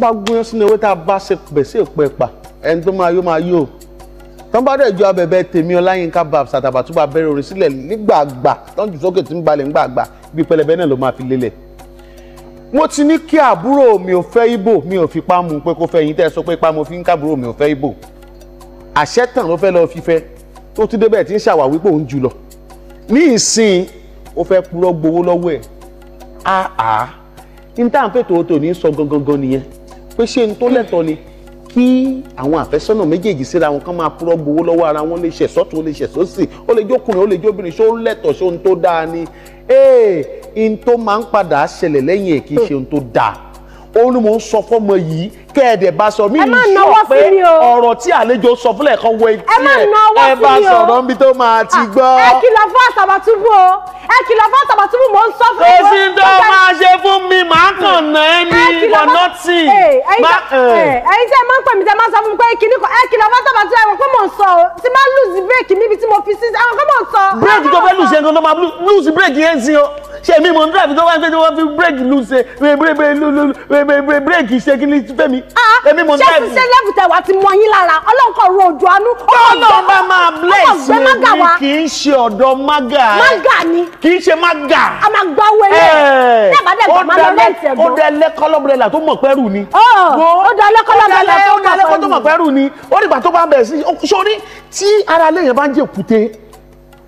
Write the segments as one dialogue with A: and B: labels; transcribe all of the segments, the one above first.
A: bá gúnyán sínú ewé tá a bá ṣe pèsè òpè pa ẹni tó máa yó máa yó tán bá dẹ̀ ju abẹ̀bẹ̀ tèmi ọláyínká babs àtàbàtúbà bẹ̀rẹ̀ orin sílẹ̀ nígbàgbà tán jù sókè tí ń balẹ̀ nígbàgbà bí pẹlẹbẹ náà ló máa fi lélẹ̀. mo ti ní kí àbúrò mi ò fẹ́ ibo mi ò fi pámu pé kó fẹ́ yín tẹ́ ẹ sọ pé pámu fi ń kábúrò mi ò fẹ́ ibo àṣẹ tàn ló fẹ́ lọ́ọ́ fífẹ́ tó ti débẹ̀ tí ń ṣàwáwí pò ń jù lọ ní ìsìn ó fẹ́ purọ́ gbowó lọ́wọ́ ẹ̀ áà ní táǹfẹ̀tò tó ní sọ gangan nìyẹn pé ṣé n tó lẹ́tọ̀ọ́ ni kí àwọn àfẹ́sọ́nà méjèèjì síra wọn kán máa purọ́ gbowó lọ́wọ́ ara wọn lè ṣẹ̀sọ́ tó lè ṣẹ̀sọ́ sí ó lè jókùnrin ó lè jóbìnrin ṣó lẹ́tọ̀ọ́ ṣó n tó dáa ni ee n tó máa ń padà ṣẹlẹ̀ lẹ́yìn ẹ̀ kì í ṣe n tó dáa òun ni mò ń sọ fọmọ yìí kẹ́ ẹ dẹ̀ bá sọ mí ní sọ pé ọ̀rọ̀ tí àlejò sọ fúnlẹ̀ kan wọ etí ẹ̀ ẹ bá sọ̀rọ̀ níbi
B: tó máa ti ah, gbọ́. ẹ kìlọ̀ fún Àtàbàtúbú o ẹ kìlọ̀ fún Àtàbàtúbú mò ń sọ fún ẹ. èsì tó máa ṣe fún mi màá kàn ná ẹ mi for nothing. ẹyin tí ẹ máa ń pè mí tí máa sọ fún mi pé kinní kan ẹ kìlọ̀ fún Àtàbàtúbú ẹ kọ́ mọ̀ ń sọ o ti máa lùsì bírèkì níbi tí mo fi sí ẹ kọ́ mọ̀
A: ń sọ ṣé mi mò ń drive tó wá ń pé tí wọ́n fi bírèkì lu ṣe bírèkì ṣe kí ni fẹ́mi.
B: Ah, èmi mò ń drive. ṣé ṣe lẹ́bù tẹ̀ wá ti mọ yín lára ọlọ́kọ̀ ro òjò àánú. tọ́lọ́ bá máa bless mi ni kì í ṣe ọ̀dọ̀ maga. maga ni. kì í ṣe maga. a máa gba owó ẹlẹ́. Eh. ó dẹ
A: lẹ́kọ́lọ́bùrẹ́là tó mọ̀ pẹ́rù ni. Oh, ó dẹ lẹ́kọ́lọ́bùrẹ́là tó mọ̀ pẹ́rù ni. ó dìgbà tó bá bẹ̀rẹ̀ sí sórí tí ara lẹ́yìn bá ń jẹ́ òkúté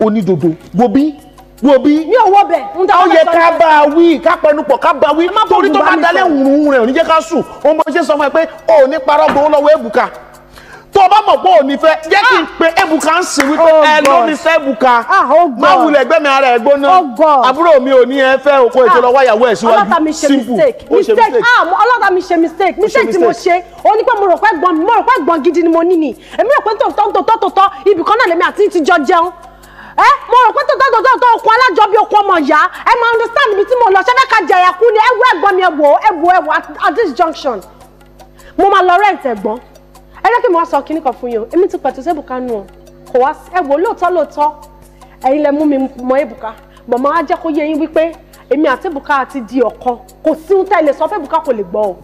A: onídodo gobi wo bí. mi ò wọ bẹ. ó yẹ ká bá a wí ká pẹnupọ̀ ká bá a wí torí tó bá dalẹ̀ wùrùn rẹ̀ ò ní jẹ́ ká sùn ó mọ ṣe sọ fún ẹ pé ò ní parọ́ gbowó lọ́wọ́ èbùkà tó o bá mọ̀ pé ò ní fẹ́ jẹ́ kí n pe èbùkà ń sìn wípé oh ẹ ló ní fẹ́ èbùkà ah, oh má wulẹ̀ ara ẹ̀ gbóná oh àbúrò mi ò ní ẹ
B: fẹ́ òkú ètò lọ́wọ́ ìyàwó ẹ̀ síwájú simple ó ṣe mistake. Ah, ọlọ́ta mi ṣe mistake mistake tí mo ṣe ó ní pé mo rò pé gbọ́n gidi ni mo ní ni èmi rò pé tòótọ́ tòótọ́ ibì kan náà lèmi àti ti jọ jẹun ẹ mo rò pé tó tọ́tọ́ tó okun alájọ bíi okun ọmọ ìyá ẹ máa understand ibi tí mo lọ ṣẹ́fẹ́ ká jẹ̀yà kú ni ẹ wo ẹ̀gbọ́n mi ẹ wò ẹ at this junction mo máa lọ rent ẹ̀gbọ́n ẹ jẹ́ kí mo wá sọ kinní kan fún yín o èmi ti pẹ̀tù sí èbùkà nù ọ kò wá ẹ wò lóòótọ́ lóòótọ́ ẹ̀yin lẹ mú mi mọ èbùkà mọ̀mọ́ á jẹ́ kó yé yín wípé èmi àti èbùkà ti di ọ̀kan kò sí ohun tẹ́ ẹ lè sọ fún èbùkà kò lè gbọ́ o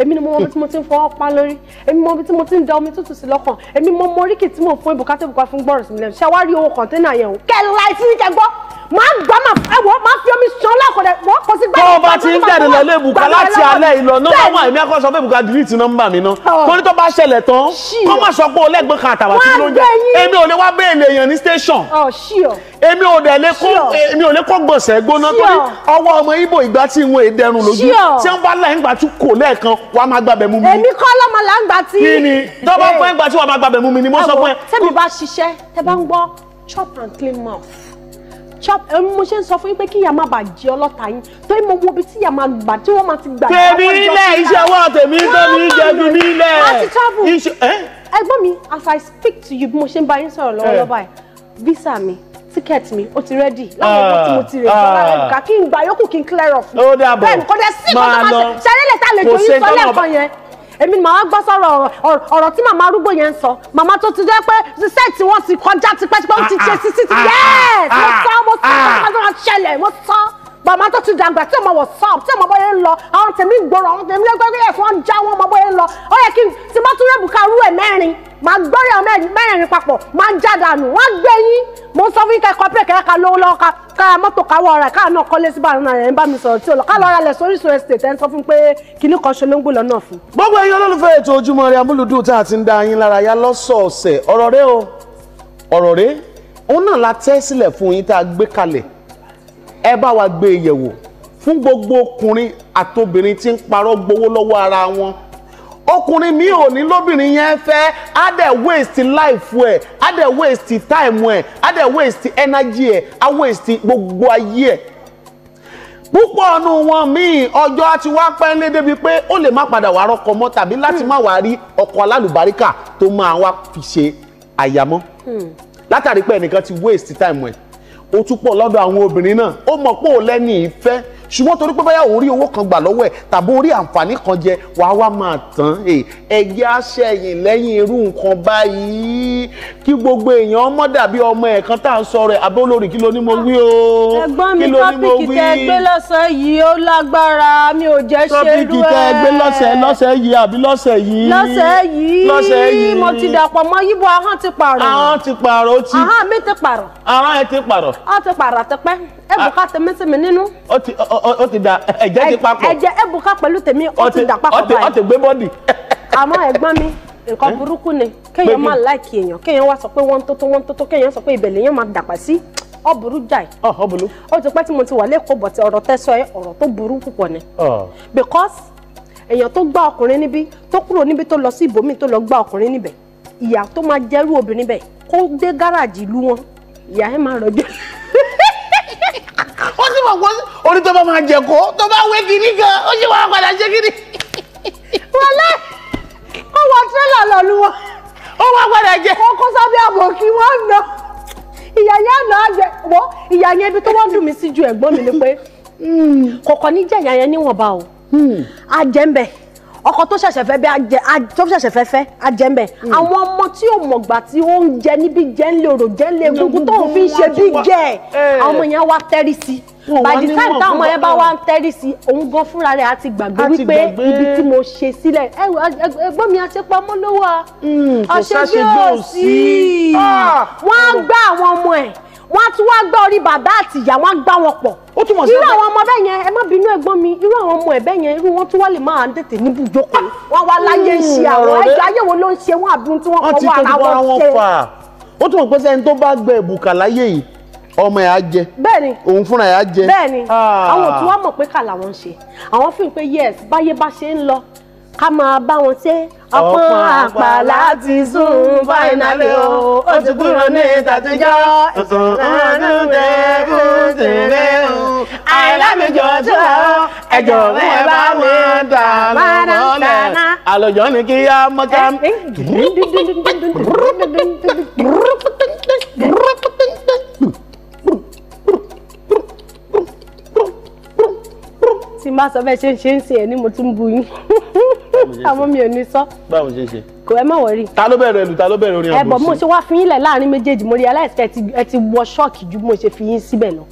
B: èmi ni mo mọ ibi tí mo ti ń fọwọ́ pa lórí èmi mọ ibi tí mo ti ń da omi tútù sí lọ́kàn èmi mọ mọ oríkì tí mo fún ibùkátà ibùkátà fún gbọ́rọ̀ sí mi lẹ́nu ṣé wàá rí owó kọ̀ńténà yẹn o kẹ́ ẹ láì sí ní kẹ́ gbọ́ máa gbà máa ẹ̀wọ̀ máa fi omi sàn lákọ̀dẹ̀ wọ́n kò sí gbàgbọ́. tó bá ti ń jáde lọ lé Bùkà láti alẹ́ ìlọ nọ́mbà wà èmi
A: akọ́ sọ pé Bùkà delete nọ́mbà mi ná oh. torí tó bá ṣẹlẹ̀ tán kó má sọ pé olẹ́gbẹ́ kan àtàwà tí ló ń jẹ èmi ò lè wá bẹ́ẹ̀lì èèyàn ní station oh, èmi ò dẹ̀ lè kó èmi ò lè kó gbọ̀nsẹ̀ gbóná torí ọwọ́ ọmọ Ìgbò ìgbà tí wọn èdèrún lójú tí wọn bá láì ń gbà tún kò lẹ́ẹ̀kan wàá máa gbàbẹ̀ mú mi. èmi kọ́ lọ́mọ
B: là ń gbà tí. kí ni tó bá pẹ́ ń gbà tí
A: wàá máa gbàbẹ̀ mú mi ni mo sọ fún ẹ.
B: tẹ́mi bá ṣiṣẹ́ tẹ́ bá ń gbọ́ chop and clean mouth chop ẹ mo ṣe ń sọ fún yín pé kí ìyá má bàa jẹ ọlọ́ta yín torí mo wo ibi tí ìyá máa gbà tí wọ́n máa ti gbà. tèmi ilé iṣẹ́ wà tèmi tèmi jẹ̀bi nílẹ̀. a ti travel ẹ̀gbọ́n mi as i speak to you bí mo ṣe ń bá yín sọ̀rọ̀ lọ́wọ́lọ́wọ́ báyìí visa mi ticket mi ó ti ready láwọn ọmọ tí mo ti rè sọ ah, lára ẹ̀ka ah. kí n gbà yókù kí n clear off. ó dàbọ̀ máa lọ bẹ́ẹ̀ kò dẹ̀ sí ìkọ́tọ́ máa èmi ni màá gbọ́ sọ̀rọ̀ ọ̀rọ̀ tí màmá arúgbó yẹn ń sọ màmá tó ti jẹ́ pé ṣiṣẹ́ tí wọ́n ti kọjá tipẹ́tipẹ́ ó ti ah, ṣe sí sí ti yẹ́ẹ̀ mo sọ mo sọ mo sọ bàmá tó ti dàgbà tí ọmọ wọ sọp tí ọmọ bọ́ yẹn lọ àwọn tèmi gbòòrò àwọn tèmi lẹ́gbẹ́ yẹn fún já wọn ọmọ bọ́ yẹn lọ ó yẹ kí tí bá tún rẹ̀ bùkà rú ẹ̀ mẹ́rin màá gbọ́rẹ̀ àwọn mẹ́rin papọ̀ màá já dànù wọ́n gbé yín mo sọ fún kẹ́kọ̀ọ́ pé kẹ́kọ̀ọ́ lówó lọ́wọ́ ká kára mọ́tò káwọ́ ọ̀rẹ́ káà náà kọ́lé sí bàánú rẹ̀ ń bá mi sọ̀rọ̀ tí ò lọ ká lọ́ọ́ ra lẹ̀ sórí sọ̀rọ̀ estate ẹ̀ ń sọ fún pé kinní kan ṣe ló ń gbò lọ́nà fún. gbogbo ẹ̀yin
A: olólùfẹ́ ètò ojúmọ́ rẹ amúlùdùn tá a ti ń da yín lára yá lọ́sọ̀ọ̀sẹ̀ ọ̀rọ̀ rẹ o ọ̀rọ̀ rẹ òun náà la tẹ́ sílẹ̀ fún yín tá a gbé kalẹ̀ ẹ bá wa gbé e yẹ̀wò fún gbogbo ọkùnrin àtobìnrin tí ń parọ́ gbowó lọ́wọ́ ara wọn ọkùnrin mi ò ní lóbìnrin yẹn fẹ́ á dẹ̀ waste life ẹ̀ á dẹ̀ waste time ẹ̀ á dẹ̀ waste energy ẹ̀ á waste gbogbo ayé ẹ̀ púpọ̀ ọ̀nù wọn míì ọjọ́ tí wá pẹ́ lé débi pé ó lè má padà wà rọkọ mọ́ tàbí láti má wà rí ọkọ alálùbáríkà tó máa wá fi ṣe àyàmọ́ hmm. látàrí pé ẹnìkan ti waste time ẹ̀ ó tún pọ̀ lọ́dọ̀ àwọn obìnrin náà ó mọ̀ pé òun lẹ́ni ìfẹ́ ṣùgbọ́n torí pé báyà orí owó kan gbà lọ́wọ́ ẹ̀ tàbí orí àǹfààní kan jẹ wàá wá máa tán ẹ̀yẹ aṣẹ́yìn lẹ́yìn irú nǹkan báyìí kí gbogbo èèyàn mọ́ dàbí ọmọ ẹ̀ kan tá à ń sọ rẹ̀ olórí kí ló ní mo ah, wí o kí ló ní mo wí. ẹ̀gbọ́n mi tọ́pìkì tẹ́ gbé
B: lọ́sẹ̀ yìí ó lágbára mi ò jẹ́ ṣerú ẹ̀. tọ́pìkì tẹ́ gbé lọ́sẹ̀
A: lọ́sẹ̀ yìí àbí lọ́sẹ̀ yìí. lọ́sẹ̀ yìí mo ti dàpọ̀
B: mọ́ yíbo ahọ́n ti pààrọ̀. Ah. ẹ̀bùká tèmi tèmi nínú. ó ti da ẹ̀jẹ̀ ti papọ̀ ẹ̀jẹ̀ ẹ̀bùká pẹ̀lú tèmi ó ti dà papọ̀ báyìí. ó ti gbé bọ́dì. àmọ́ ẹ̀gbọ́n mi nǹkan eh? burúkú ni kéèyàn máa like èèyàn kéèyàn wa sọ pé wọ́n tó tó wọ́n tó tó kéèyàn sọ pé ìbẹ̀lẹ̀ yẹn máa dàpá sí ọ burú jáì. ọ burú. ó ti pẹ́ tí mo ti wà lẹ́kọ̀ọ́ bọ̀ tí ọ̀rọ̀ tẹ́sọ ẹ ọ̀rọ̀ tó burú púpọ̀ ni. because èèyàn tó gbá ọkùnrin níbí tó kúrò níbí tó lọ sí ibòmíì tó lọ gbá ọkùnrin níbẹ̀ ìyà tó máa jẹ́rú obìnrin bẹ̀ kó dé gáràjì ìlú wọn ìyà ẹ̀ máa rọjò sì mọ̀ pé orí tó bá máa jẹ kó tó bá wé kiri gan ó sì máa padà ṣe kiri. wọlé ó wọ tírélà lọ lu wọn. ó wá padà jẹ. ó kó sábẹ́ àbò kí wọ́n nà ìyá yẹn nà á jẹ wọ́n ìyá yẹn ibi tó wọ́n dùn mí sí ju ẹ̀gbọ́n mi ni pé hmm, kọ̀ọ̀kan níjà ìyá yẹn níwọ̀nba o àjẹ́ńbẹ̀ hmm. ọkọ tó ṣẹ̀ṣẹ̀ fẹ́ bẹ́ ajẹ́ tó ṣẹ̀ṣẹ̀ fẹ́ fẹ́ ajẹ́ńbẹ̀ hmm. àwọn ọmọ tí ò mọ̀gbà tí ó ń jẹ níbi jẹ́ ńlẹ̀ òrò jẹ́ ńlẹ̀ egungun tó ń fi ṣe bí gẹ̀ eh. àwọn ọmọ yẹn wá tẹ́rí sí i by the time táwọn ọmọ yẹn bá wá ń tẹ́rì sí òun gan fúnra rẹ̀ á ti gbàgbé wípé ibi tí mo ṣe sílẹ̀ ẹgbọ́n mi àṣepamọ́ ló wà àṣegbé òsì ah, wọ́n á gbá àwọn ọmọ ẹ̀ wọ́n á tún wá gbá orí bàbá àti ìyá wọ́n á gbá wọn pọ̀ irú àwọn ọmọ bẹ́ẹ̀ yẹn ẹ má bínú ẹ̀gbọ́n mi irú àwọn ọmọ ẹ̀ bẹ́ẹ̀ yẹn irú wọn tún wá lè máa ń tètè níbù jókòó hmm. wọn wá láyé ń ṣe àwọn hmm. ẹgbẹ́ ayé wo ló ń ṣe wọn àbí ohun tí wọ́n kọ́ wọ́n ara wọn ṣe. ó tún mọ̀ pé sẹ́ni
A: tó bá gbẹ ìbùkà láyé yìí ọmọ ẹ̀ á jẹ bẹ́ẹ̀ni òun fúnra ẹ̀ á jẹ bẹ́ẹ̀ni àwọn tí wọ́n
B: mọ̀ pé kà làwọn ń ṣe àwọn fi pé yes báyé bá ṣe ń lọ ká máa bá wọn ṣe ọpọ́n àpà láti sùn fáìnàlì o ó ti kúrò ní ìtàtújọ́ ìsọ̀rọ̀ tẹ̀kùn tèrè o àìlámìjọ tó ẹjọ́ rẹ̀ bá wọn dà mọ́lẹ̀ àlọ́jọ́
A: ni kí á mọ́ká.
B: tí n bá sọ bẹ́ẹ̀ ṣe ń ṣe ń ṣe ẹ̀ ní mo tún bu yín àmọ́ mi ò ní sọ. báwo ṣe ń ṣe. kò ẹ má wọrí.
A: ta ló bẹ̀rẹ̀ lù ta ló bẹ̀rẹ̀ orin àgbọ̀nsẹ̀. ẹ̀bọ̀ mo ṣe wá
B: fi yín lẹ̀ láàrin méjèèjì mo rí aláìsíkẹ́ ẹ ti wọ ṣọ́ọ̀kì ju mo ṣe fi yín síbẹ̀ lọ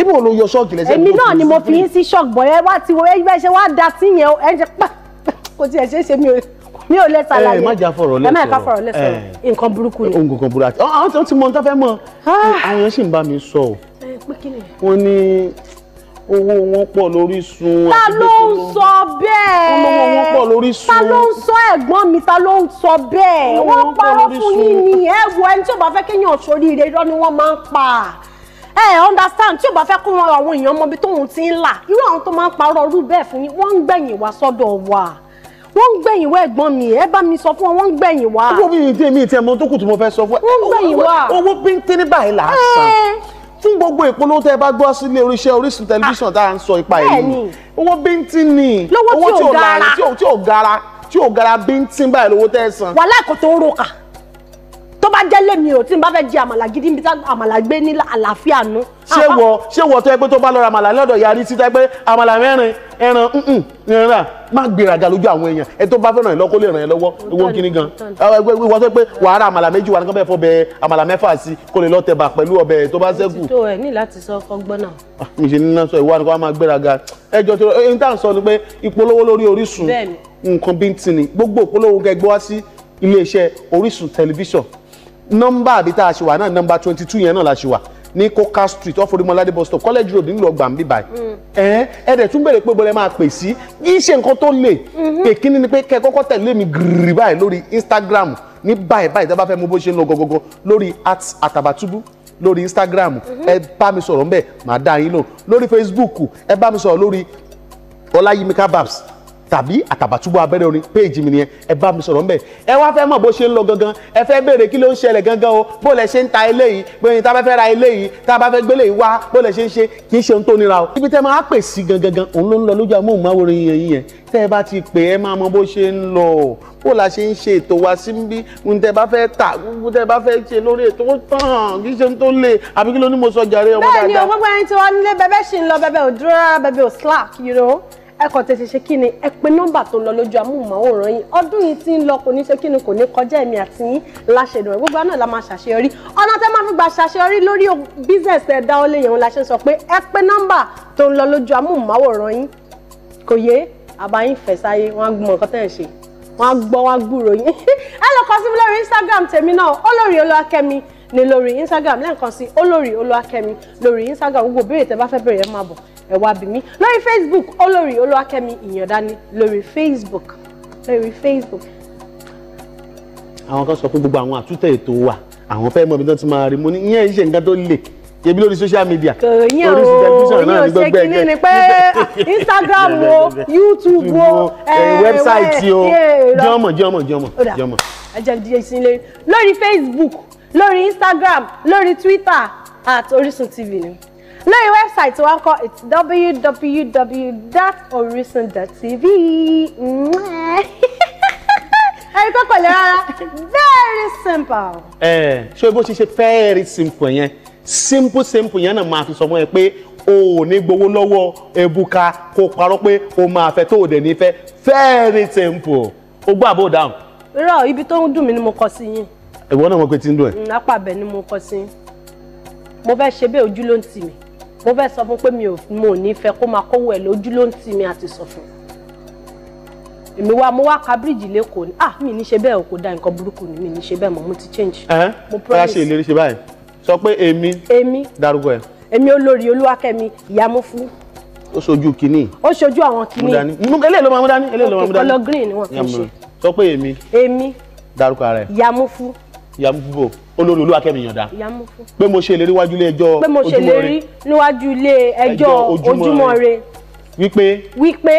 B: ibo ló yọ ṣọ́ọ̀kì lẹ́sẹ̀ èmi náà ni mo fi yín sí ṣọ́ọ̀kì bọ̀yẹ wá ti wo ẹgbẹ́ ṣe wá da sí yẹn ẹ ṣe pa kò tiẹ̀ ṣe é ṣe mi ò lẹ́ ṣàlàyé ẹ eh, má jà fọ̀rọ̀ lẹ́sọ̀rọ̀ ẹ má jà fọ̀rọ̀ lẹ́sọ̀rọ̀
A: eh. nǹkan burúkú ni. nǹkan burúkú àti àwọn tí wọ́n ti mọ ohun tó fẹ́ mọ ah. àwọn yẹn sì ń bá mi sọ o
B: eh, wọ́n
A: ní owó
B: wọn pọ̀ lórí sun. ta ló ń sọ bẹ́ẹ̀. owó wọn pọ̀ lórí sun. ta ló ń sọ ẹ̀gbọ́n mi ta ló ń sọ bẹ́ẹ̀. wọ́n parọ́ fún yín ni ẹ wo ẹni tí ò bá fẹ́ kéèyàn ṣoríire irọ́ ni wọ́n máa ń pa ẹ understand tí o bá fẹ́ kó wọn àwọn èèyàn mọbi tóun ti ń là irú àwọn tó máa ń parọ́ rú bẹ́ẹ̀ fún yín wọ́n ń gbẹ̀yìn wá sọ́dọ̀ wa wọ́n ń gbẹ̀yìn wá ẹ̀gbọ́n mi ẹ bá mi sọ fún wọn wọ́n ń gbẹ̀yìn wá. owó
A: mi ìdí mi ìtẹ̀ mọ́ tó kù tí mo fẹ́ sọ fún ẹ. wọ́n ń gbẹ̀yìn wá. owó pínpín ní báyìí là á san. Eh gbogbo ìpolówó tẹ́ bá gbọ́ sílé oríṣẹ́ Orísun tẹlifíṣàn tá à ń sọ ipa ẹ̀ ni owó bíntín ni owó tí ò gara tí ò gara bíntín báyìí lówó tẹ́ san. wàhálà
B: kò tó ń ro kà bá jẹ́ lèmi o tí n bá fẹ́ jẹ àmàlà gidi níbi tá àmàlà gbé ní àlàáfíà nu. ṣé wọ ṣé wọ tó yẹ pé tó bá lọ ra àmàlà lọ́dọ̀ yarí
A: títà pé àmàlà mẹ́rin ẹran mm, mm, ẹran má gbéraga lójú àwọn èèyàn ẹ tó bá fẹ́ràn ẹ lọ́kọ́ lè ràn ẹ lọ́wọ́ owó kíní gan ìwọ tó pé wàá ra àmàlà méjì wà ní kọ́bẹ̀ fọbẹ̀ àmàlà mẹ́fà sí kó lè lọ tẹ̀bà pẹ̀lú ọbẹ̀ tó bá ṣẹ́kù.
B: tó ẹ ní láti sọ ọgbọ́n
A: náà. Ah, mi Orísun tẹlifíṣàn nọ́mbà àbí tá a ṣe wà náà nọ́mbà twenty two yẹn náà la ṣe wà ní coca street off bus stop college road nílùú ọgbà nbí báyìí mm. ẹ ẹ dẹ̀ tún bèrè pé bọ́lẹ̀ máa pè sí yìí ṣe nǹkan tó lè mm-hmm. èkíní ni pé kẹ́ kọ́kọ́ tẹ̀lé mi gírí báyìí lórí instagram ní báyìí báyìí dábàá fẹ́ mú bó ṣe ń lọ gọgọgọ lórí at àtàbàtúbú lórí instagram mm-hmm. ẹ bá mi sọ̀rọ̀ ńbẹ̀ màá dá yín lò lórí facebook ẹ bá mi sọ̀rọ̀ lórí ọláyímíkà babs tàbí àtàbàtúbú abẹ́rẹ́ orin péèjì mi nìyẹn ẹ bá mi sọ̀rọ̀ ńbẹ̀ ẹ wá fẹ́ mọ̀ bó ṣe ń lọ gangan ẹ fẹ́ béèrè kí ló ń ṣẹlẹ̀ gangan o bó lẹ ṣe ń ta eléyìí bóyin tá a bá fẹ́ ra eléyìí tá a bá fẹ́ gbélé yìí wá bó lẹ ṣe ń ṣe kì í ṣe ohun tó nira o. ibi tẹ́ máa pè sí gangan òun ló ń lọ lójú amóhùnmáwòrán yẹn yẹn tẹ́ ẹ bá ti pè ẹ máa mọ bó ṣe ń lọ o bó la ṣe ń ṣe ètò wa sí bí n tẹ́ bá fẹ́ tà n tẹ́ bá fẹ́ ṣe lórí ètò ó tàn kì í ṣe tó lè àbí kí ló ní mo sọ jàre ọmọ dáadáa. bẹ́ẹ̀ni o gbogbo
B: ẹni tí wọn nílé bẹbẹ ṣì ń lọ bẹbẹ ò dúró rárá bẹbẹ ò slack you know? ẹ kàn tètè ṣe kí ni ẹ pe nọ́mbà tó ń lọ lójú amóhùnmáwòrán yìí ọdún yìí ti ń lọ kò ní ṣe kí ni kò ní kọjá èmi àti yín láṣẹdùn rẹ gbogbo àná la máa ṣàṣeyọrí ọ̀nà tẹ́ máa fi gbà ṣàṣeyọrí lórí business ẹ̀ dáwọ́ lé yẹn la ṣe sọ pé ẹ pe nọ́mbà tó ń lọ lójú amóhùnmáwòrán yìí kò yé àbáyín fẹ̀sáyé wọn á gbọ́ nǹkan tẹ́ ẹ̀ ṣe wọn gbọ́ wọn gbúrò yín ẹ lọ kọ sí mi lórí Instagram tèmi náà olórí olúwakẹ́mi ni lórí Instagram lẹ́ẹ̀kan sí olórí olúwakẹ́mi lórí Instagram gbogbo béèrè tẹ́ bá fẹ́ béèrè ẹ máa bọ̀ ẹ wá bí mi lórí Facebook olórí Olúwakẹ́mi Ìyàndání lórí Facebook lórí Facebook.
A: àwọn kan sọ pé gbogbo àwọn àtúntẹ̀ ètò wa àwọn fẹ́ mọ ibi tó ti máa rí mo ní ìyẹn ìṣe nǹkan tó lè yẹbi lórí social media lórí tẹlifíṣàn náà ní gbẹgbẹ ẹgbẹ ní pé
B: instagram o youtube o wẹbsáìtì o jọmọ
A: jọmọ jọmọ jọmọ.
B: ẹjẹ díẹ̀ sílẹ̀ lórí facebook lórí instagram lórí twitter at orisun tv ni. No, lórí wẹ́bsáìtì wa kọ it's www.orisun.tv ẹ̀rí kọ́kọ́ lè rárá very simple.
A: ẹ ṣé bó ṣe ṣe very simple yẹn simple simple yẹn náà máa fi sọmọ ẹ pé o ò ní gbowó lọ́wọ́ ebuka kó paro pe o ma fẹ́ tó o dẹ̀ fe. very simple o gbọ́ bo down.
B: irọ́ ibi to ń mi ni mo kọ sí yín.
A: ìwọ náà mo pe tí ń e.
B: ẹ. apá abẹ ni mo kọ sí mo fẹ́ ṣe bẹ́ẹ̀ ojú ló ń tì mo fẹ́ sọ fún pé mi ò mo ò ní fẹ́ kó máa kówó ẹ̀ lójú ló ń tì mí àti sọ fún èmi wa mo wá ka bíríìjì lẹ́kọ̀ọ́ ni ah mi ní ṣe bẹ́ẹ̀ o kò da nǹkan burúkú ni mi ní ṣe bẹ́ẹ̀ mọ́ mo ti change.
A: mo promise. ẹ ṣe ìlérí ṣe báyìí sọ pé èmi. èmi darúgbó ẹ.
B: èmi olórí olúwakẹ́mi ìyàmú fún.
A: ó ṣojú kínní.
B: ó ṣojú àwọn kínní. eléyìí ló máa mú dání eléyìí ló máa mú dání. kọlọ green ni wọn fi ṣe.
A: sọ pé èmi. èmi. darúgbó ara ẹ. ìyàmú fún. ìyàmú fún bò olórí olúwakẹ́mi yọ̀ǹda pé mo ṣe ìlérí níwájú ilé ẹjọ́ ojúmọ́ rẹ pé mo ṣe ìlérí
B: níwájú ilé ẹjọ́ ojúmọ́ rẹ
A: wípé wípé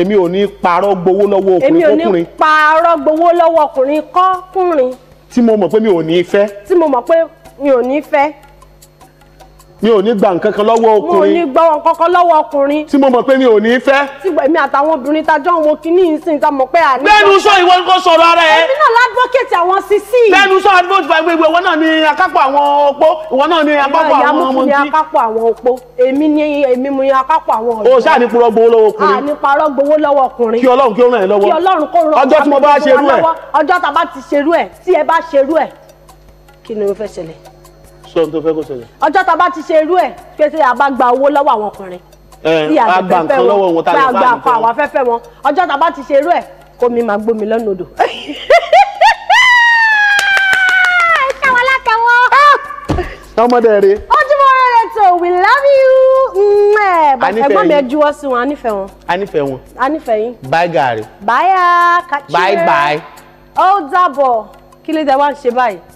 A: èmi ò ní parọ́ gbowó lọ́wọ́ ọkùnrin kọ́kùnrin èmi ò ní
B: parọ́ gbowó lọ́wọ́ ọkùnrin kọ́kùnrin
A: tí mo mọ̀ pé mi ò ní fẹ́
B: tí mo mọ̀ pé mi ò ní fẹ́
A: mi ò ní gba nǹkan kan lọ́wọ́ ọkùnrin mi ò ní
B: gba nǹkan kan lọ́wọ́ ọkùnrin tí mo mọ̀ pé mi ò ní fẹ́ tí èmi àtàwọn obìnrin tajọ́ wọn kìíní ìsìn ta mọ̀ pé àní. bẹ́ẹ̀ ni sọ ìwọ nǹkan sọ̀rọ̀ ara ẹ. èmi sí sí. lẹ́nu sọ adúgbò ti fa gbogbo ìwọ náà ni akápò àwọn opó ìwọ náà ni akápò àwọn ọmọ tí. ìyá mi akápò àwọn opó èmi ni èmi mu akápò àwọn ọ̀dọ́. o ṣáà ní purọ́ gbowó lọ́wọ́ ọkùnrin. àní parọ́ gbowó lọ́wọ́ ọkùnrin. kí ọlọ́run kí ó ràn ẹ́ lọ́wọ́. kí ọlọ́run kó ràn ọjọ́ tí mo bá ṣerú ẹ̀. ọjọ́ tá a bá ti ṣerú ẹ̀ tí ẹ bá ṣerú ẹ̀ kí ni mo fẹ́ ṣẹlẹ̀.
A: sọ ohun tó fẹ́ kó ṣẹlẹ̀.
B: ọjọ́ tá a bá ti ṣerú ẹ̀ pé ṣe àbá gba owó lọ́wọ́ àwọn ọkùnrin.
A: tí àgbà nǹkan lọ́wọ́ wọn tá a lè bá àgbà pa
B: àwọn afẹ́fẹ́ wọn ọjọ́ tá a bá ti ṣerú ẹ̀ kó mi máa gbómi lọ́nà odò. ọmọdé rẹ. ojúmọ́ rere tó we love you. ẹ̀gbọ́n mm, mi ẹ juwọ́ sí wọn a nífẹ̀ẹ́ wọn. a nífẹ̀ẹ́ wọn. a nífẹ̀ẹ́ yín. bye gari. bye ya kachire. bye bye. Oh, dàbọ̀ kill ló one, she ń